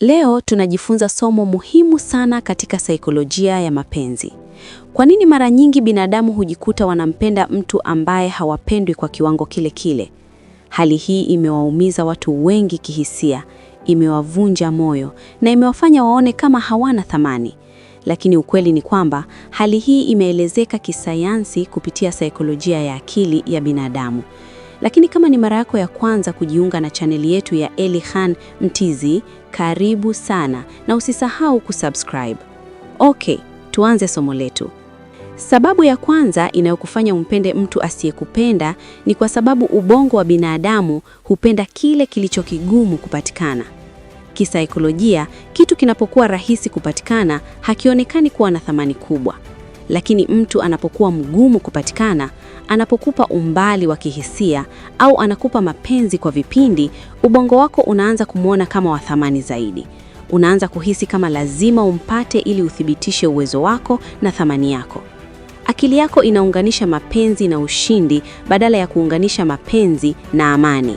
Leo tunajifunza somo muhimu sana katika saikolojia ya mapenzi. Kwa nini mara nyingi binadamu hujikuta wanampenda mtu ambaye hawapendwi kwa kiwango kile kile? Hali hii imewaumiza watu wengi kihisia, imewavunja moyo na imewafanya waone kama hawana thamani. Lakini ukweli ni kwamba hali hii imeelezeka kisayansi kupitia saikolojia ya akili ya binadamu. Lakini kama ni mara yako ya kwanza kujiunga na chaneli yetu ya Khan Mtizi, karibu sana na usisahau kusubscribe. Okay, tuanze somo letu. Sababu ya kwanza inayokufanya umpende mtu asiyekupenda ni kwa sababu ubongo wa binadamu hupenda kile kilicho kigumu kupatikana. Kisaikolojia, kitu kinapokuwa rahisi kupatikana hakionekani kuwa na thamani kubwa, lakini mtu anapokuwa mgumu kupatikana anapokupa umbali wa kihisia au anakupa mapenzi kwa vipindi, ubongo wako unaanza kumwona kama wa thamani zaidi. Unaanza kuhisi kama lazima umpate ili uthibitishe uwezo wako na thamani yako. Akili yako inaunganisha mapenzi na ushindi badala ya kuunganisha mapenzi na amani.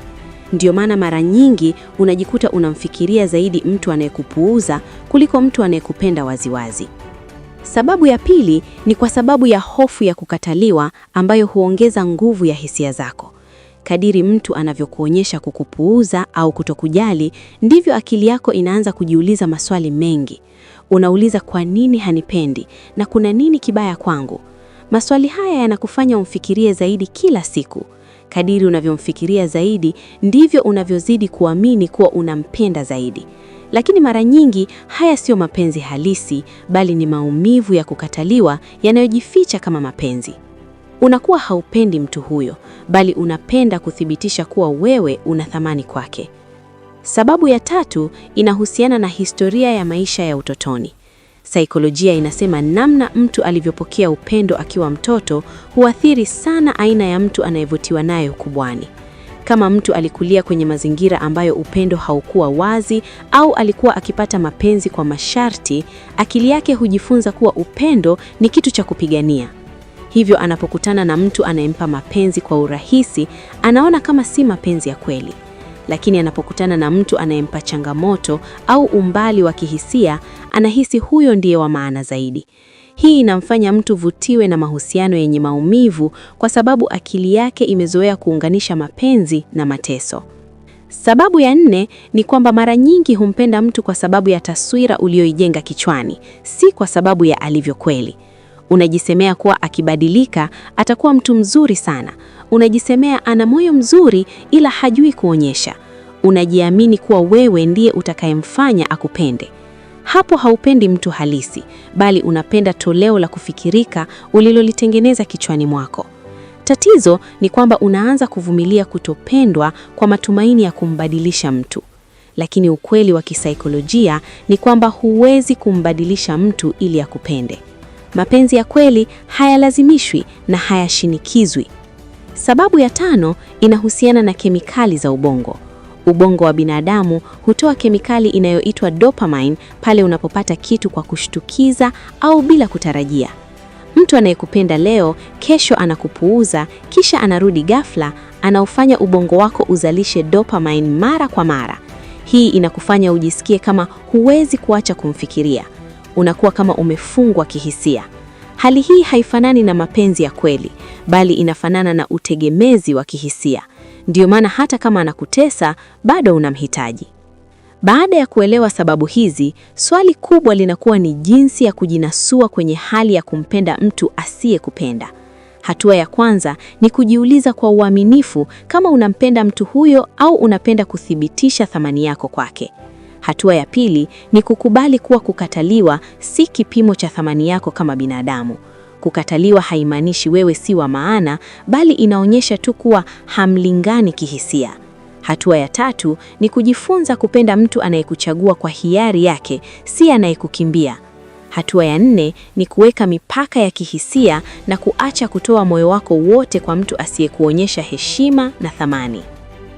Ndiyo maana mara nyingi unajikuta unamfikiria zaidi mtu anayekupuuza kuliko mtu anayekupenda waziwazi. Sababu ya pili ni kwa sababu ya hofu ya kukataliwa ambayo huongeza nguvu ya hisia zako. Kadiri mtu anavyokuonyesha kukupuuza au kutokujali, ndivyo akili yako inaanza kujiuliza maswali mengi. Unauliza, kwa nini hanipendi na kuna nini kibaya kwangu? Maswali haya yanakufanya umfikirie zaidi kila siku. Kadiri unavyomfikiria zaidi, ndivyo unavyozidi kuamini kuwa unampenda zaidi. Lakini mara nyingi haya siyo mapenzi halisi, bali ni maumivu ya kukataliwa yanayojificha kama mapenzi. Unakuwa haupendi mtu huyo, bali unapenda kuthibitisha kuwa wewe una thamani kwake. Sababu ya tatu inahusiana na historia ya maisha ya utotoni. Saikolojia inasema namna mtu alivyopokea upendo akiwa mtoto huathiri sana aina ya mtu anayevutiwa nayo kubwani. Kama mtu alikulia kwenye mazingira ambayo upendo haukuwa wazi au alikuwa akipata mapenzi kwa masharti, akili yake hujifunza kuwa upendo ni kitu cha kupigania. Hivyo anapokutana na mtu anayempa mapenzi kwa urahisi, anaona kama si mapenzi ya kweli lakini anapokutana na mtu anayempa changamoto au umbali wa kihisia, anahisi huyo ndiye wa maana zaidi. Hii inamfanya mtu vutiwe na mahusiano yenye maumivu kwa sababu akili yake imezoea kuunganisha mapenzi na mateso. Sababu ya nne ni kwamba mara nyingi humpenda mtu kwa sababu ya taswira uliyoijenga kichwani, si kwa sababu ya alivyo kweli. Unajisemea kuwa akibadilika atakuwa mtu mzuri sana. Unajisemea ana moyo mzuri ila hajui kuonyesha. Unajiamini kuwa wewe ndiye utakayemfanya akupende. Hapo haupendi mtu halisi, bali unapenda toleo la kufikirika ulilolitengeneza kichwani mwako. Tatizo ni kwamba unaanza kuvumilia kutopendwa kwa matumaini ya kumbadilisha mtu, lakini ukweli wa kisaikolojia ni kwamba huwezi kumbadilisha mtu ili akupende. Mapenzi ya kweli hayalazimishwi na hayashinikizwi. Sababu ya tano inahusiana na kemikali za ubongo. Ubongo wa binadamu hutoa kemikali inayoitwa dopamine pale unapopata kitu kwa kushtukiza au bila kutarajia. Mtu anayekupenda leo, kesho anakupuuza, kisha anarudi ghafla, anaofanya ubongo wako uzalishe dopamine mara kwa mara. Hii inakufanya ujisikie kama huwezi kuacha kumfikiria. Unakuwa kama umefungwa kihisia. Hali hii haifanani na mapenzi ya kweli, bali inafanana na utegemezi wa kihisia. Ndiyo maana hata kama anakutesa bado unamhitaji. Baada ya kuelewa sababu hizi, swali kubwa linakuwa ni jinsi ya kujinasua kwenye hali ya kumpenda mtu asiyekupenda. Hatua ya kwanza ni kujiuliza kwa uaminifu kama unampenda mtu huyo au unapenda kuthibitisha thamani yako kwake. Hatua ya pili ni kukubali kuwa kukataliwa si kipimo cha thamani yako kama binadamu. Kukataliwa haimaanishi wewe si wa maana, bali inaonyesha tu kuwa hamlingani kihisia. Hatua ya tatu ni kujifunza kupenda mtu anayekuchagua kwa hiari yake, si anayekukimbia. Hatua ya nne ni kuweka mipaka ya kihisia na kuacha kutoa moyo wako wote kwa mtu asiyekuonyesha heshima na thamani.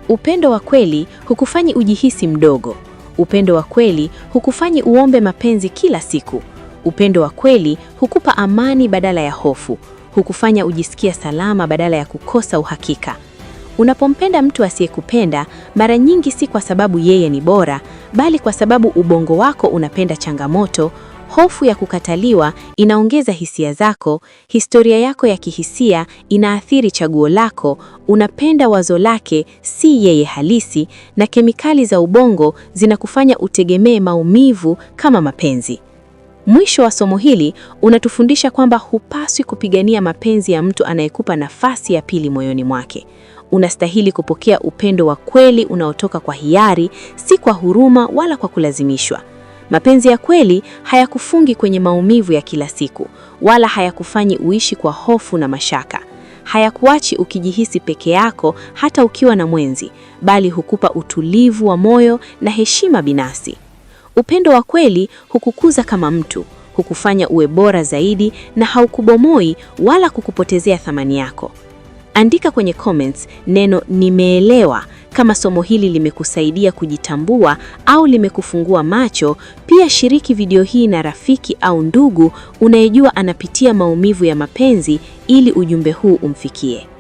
Upendo wa kweli hukufanyi ujihisi mdogo. Upendo wa kweli hukufanyi uombe mapenzi kila siku. Upendo wa kweli hukupa amani badala ya hofu, hukufanya ujisikia salama badala ya kukosa uhakika. Unapompenda mtu asiyekupenda, mara nyingi si kwa sababu yeye ni bora, bali kwa sababu ubongo wako unapenda changamoto, Hofu ya kukataliwa inaongeza hisia zako, historia yako ya kihisia inaathiri chaguo lako, unapenda wazo lake, si yeye halisi, na kemikali za ubongo zinakufanya utegemee maumivu kama mapenzi. Mwisho wa somo hili unatufundisha kwamba hupaswi kupigania mapenzi ya mtu anayekupa nafasi ya pili moyoni mwake. Unastahili kupokea upendo wa kweli unaotoka kwa hiari, si kwa huruma wala kwa kulazimishwa. Mapenzi ya kweli hayakufungi kwenye maumivu ya kila siku, wala hayakufanyi uishi kwa hofu na mashaka. Hayakuachi ukijihisi peke yako hata ukiwa na mwenzi, bali hukupa utulivu wa moyo na heshima binafsi. Upendo wa kweli hukukuza kama mtu, hukufanya uwe bora zaidi na haukubomoi wala kukupotezea thamani yako. Andika kwenye comments neno nimeelewa kama somo hili limekusaidia kujitambua au limekufungua macho, pia shiriki video hii na rafiki au ndugu unayejua anapitia maumivu ya mapenzi ili ujumbe huu umfikie.